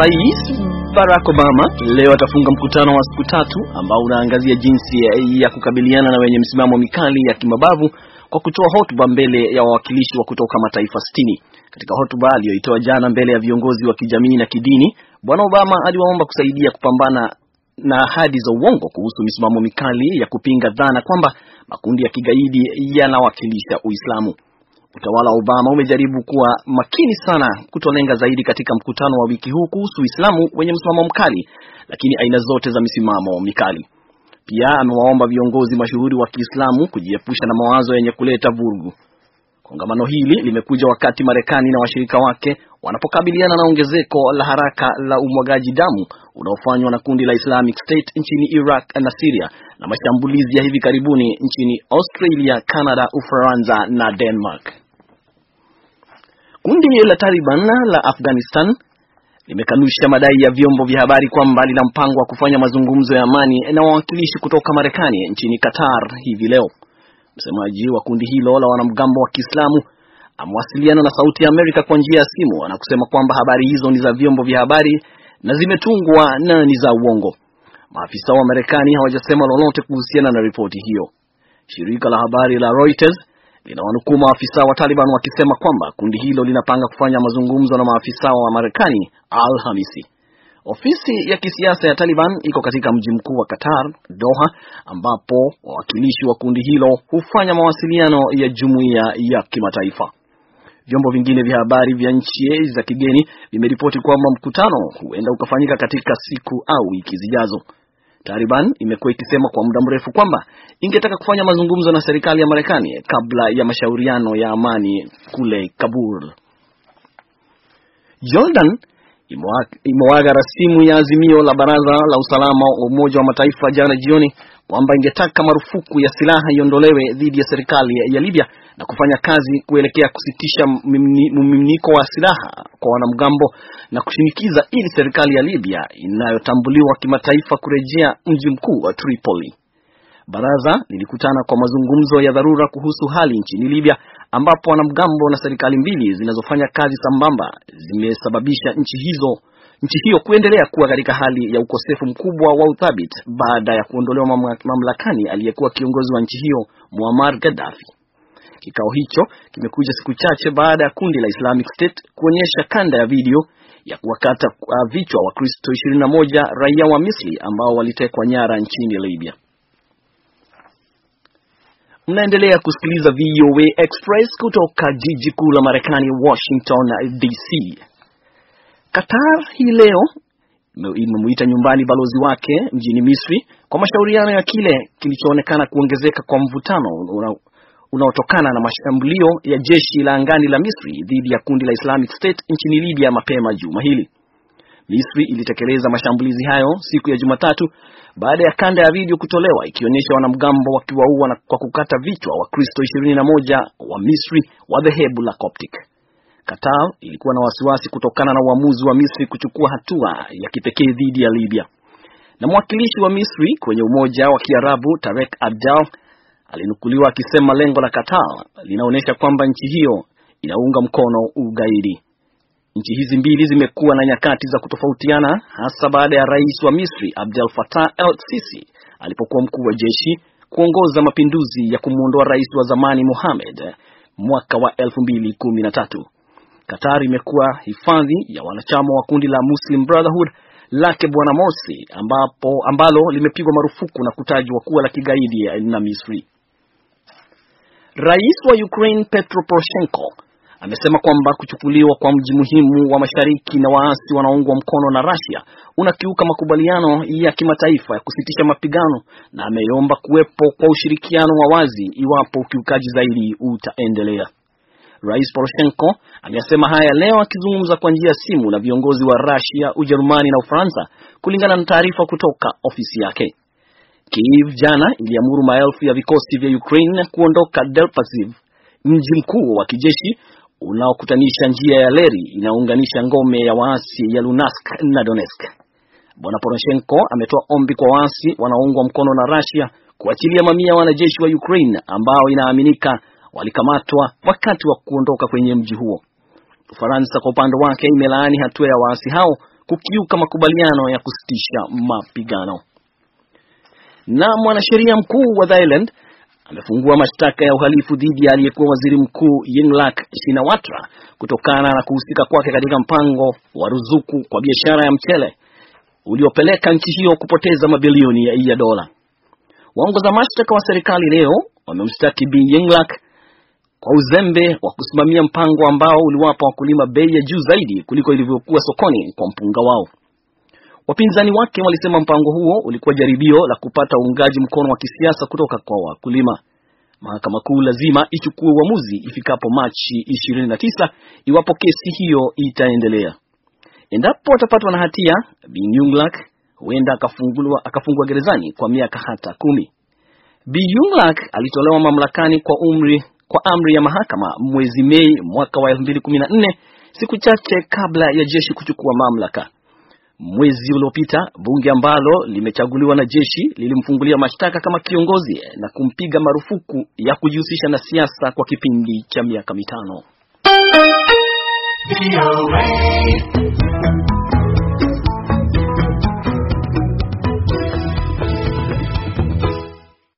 Rais Barack Obama leo atafunga mkutano wa siku tatu ambao unaangazia jinsi ya kukabiliana na wenye msimamo mikali ya kimabavu kwa kutoa hotuba mbele ya wawakilishi wa kutoka mataifa sitini. Katika hotuba aliyoitoa jana mbele ya viongozi wa kijamii na kidini, Bwana Obama aliwaomba kusaidia kupambana na ahadi za uongo kuhusu misimamo mikali ya kupinga dhana kwamba makundi ya kigaidi yanawakilisha Uislamu. Utawala wa Obama umejaribu kuwa makini sana kutolenga zaidi katika mkutano wa wiki huu kuhusu Uislamu wenye msimamo mkali, lakini aina zote za misimamo mikali. Pia amewaomba viongozi mashuhuri wa Kiislamu kujiepusha na mawazo yenye kuleta vurugu. Kongamano hili limekuja wakati Marekani na washirika wake wanapokabiliana na ongezeko la haraka la umwagaji damu unaofanywa na kundi la Islamic State nchini Iraq na Syria na mashambulizi ya hivi karibuni nchini Australia, Canada, Ufaransa na Denmark. Kundi la Taliban la Afghanistan limekanusha madai ya vyombo vya habari kwamba lina mpango wa kufanya mazungumzo ya amani na wawakilishi kutoka Marekani nchini Qatar hivi leo. Msemaji wa kundi hilo la wanamgambo wa Kiislamu amewasiliana na Sauti ya Amerika kwa njia ya simu na kusema kwamba habari hizo ni za vyombo vya habari na zimetungwa na ni za uongo. Maafisa wa Marekani hawajasema lolote kuhusiana na ripoti hiyo. Shirika la habari la Reuters linawanukuu maafisa wa Taliban wakisema kwamba kundi hilo linapanga kufanya mazungumzo na maafisa wa Marekani Alhamisi. Ofisi ya kisiasa ya Taliban iko katika mji mkuu wa Qatar, Doha, ambapo wawakilishi wa kundi hilo hufanya mawasiliano ya jumuiya ya kimataifa. Vyombo vingine vya habari vya nchi za kigeni vimeripoti kwamba mkutano huenda ukafanyika katika siku au wiki zijazo. Taliban imekuwa ikisema kwa muda mrefu kwamba ingetaka kufanya mazungumzo na serikali ya Marekani kabla ya mashauriano ya amani kule Kabul. Jordan imewaga rasimu ya azimio la Baraza la Usalama wa Umoja wa Mataifa jana jioni kwamba ingetaka marufuku ya silaha iondolewe dhidi ya serikali ya Libya na kufanya kazi kuelekea kusitisha mmiminiko wa silaha kwa wanamgambo na kushinikiza ili serikali ya Libya inayotambuliwa kimataifa kurejea mji mkuu wa Tripoli. Baraza lilikutana kwa mazungumzo ya dharura kuhusu hali nchini Libya ambapo wanamgambo na serikali mbili zinazofanya kazi sambamba zimesababisha nchi hizo nchi hiyo kuendelea kuwa katika hali ya ukosefu mkubwa wa uthabiti baada ya kuondolewa mamlakani aliyekuwa kiongozi wa nchi hiyo Muammar Gaddafi. Kikao hicho kimekuja siku chache baada ya kundi la Islamic State kuonyesha kanda ya video ya kuwakata uh, vichwa Wakristo 21 raia wa Misri ambao walitekwa nyara nchini Libya. Mnaendelea kusikiliza VOA Express kutoka jiji kuu la Marekani, Washington DC. Qatar hii leo imemuita nyumbani balozi wake mjini Misri kwa mashauriano ya kile kilichoonekana kuongezeka kwa mvutano unaotokana na mashambulio ya jeshi la angani la Misri dhidi ya kundi la Islamic State nchini Libya mapema juma hili. Misri ilitekeleza mashambulizi hayo siku ya Jumatatu baada ya kanda ya video kutolewa ikionyesha wanamgambo wakiwaua kwa kukata vichwa Wakristo 21 wa Misri wa dhehebu la Coptic. Qatar ilikuwa na wasiwasi kutokana na uamuzi wa Misri kuchukua hatua ya kipekee dhidi ya Libya. Na mwakilishi wa Misri kwenye Umoja wa Kiarabu Tarek Abdal alinukuliwa akisema lengo la Qatar linaonyesha kwamba nchi hiyo inaunga mkono ugaidi. Nchi hizi mbili zimekuwa na nyakati za kutofautiana, hasa baada ya rais wa Misri Abdel Fattah el-Sisi alipokuwa mkuu wa jeshi kuongoza mapinduzi ya kumwondoa rais wa zamani Mohamed mwaka wa 2013. Qatar imekuwa hifadhi ya wanachama wa kundi la Muslim Brotherhood lake Bwana Morsi ambapo ambalo limepigwa marufuku na kutajwa kuwa la kigaidi na Misri. Rais wa Ukraine Petro Poroshenko amesema kwamba kuchukuliwa kwa mji muhimu wa mashariki na waasi wanaoungwa mkono na Russia unakiuka makubaliano ya kimataifa ya kusitisha mapigano na ameomba kuwepo kwa ushirikiano wa wazi iwapo ukiukaji zaidi utaendelea. Rais Poroshenko amesema haya leo akizungumza kwa njia ya simu na viongozi wa Russia, Ujerumani na Ufaransa kulingana na taarifa kutoka ofisi yake. Kiev jana iliamuru maelfu ya vikosi vya Ukraine kuondoka Delpasiv, mji mkuu wa kijeshi unaokutanisha njia ya leri inayounganisha ngome ya waasi ya Lunask na Donetsk. Bwana Poroshenko ametoa ombi kwa waasi wanaoungwa mkono na Russia kuachilia mamia wanajeshi wa Ukraine ambao inaaminika walikamatwa wakati wa kuondoka kwenye mji huo. Ufaransa kwa upande wake imelaani hatua ya waasi hao kukiuka makubaliano ya kusitisha mapigano na mwanasheria mkuu wa Thailand amefungua mashtaka ya uhalifu dhidi ya aliyekuwa waziri mkuu Yingluck Shinawatra kutokana na kuhusika kwake katika mpango wa ruzuku kwa biashara ya mchele uliopeleka nchi hiyo kupoteza mabilioni ya, ya dola. Waongoza mashtaka wa serikali leo wamemshtaki Bi Yingluck kwa uzembe wa kusimamia mpango ambao uliwapa wakulima bei ya juu zaidi kuliko ilivyokuwa sokoni kwa mpunga wao. Wapinzani wake walisema mpango huo ulikuwa jaribio la kupata uungaji mkono wa kisiasa kutoka kwa wakulima. Mahakama Kuu lazima ichukue uamuzi ifikapo Machi 29 iwapo kesi hiyo itaendelea. Endapo atapatwa na hatia, Bi Yunglak huenda akafungwa akafungwa gerezani kwa miaka hata kumi. Bi Yunglak alitolewa mamlakani kwa umri kwa amri ya mahakama mwezi Mei mwaka wa 2014 siku chache kabla ya jeshi kuchukua mamlaka. Mwezi uliopita bunge ambalo limechaguliwa na jeshi lilimfungulia mashtaka kama kiongozi na kumpiga marufuku ya kujihusisha na siasa kwa kipindi cha miaka mitano.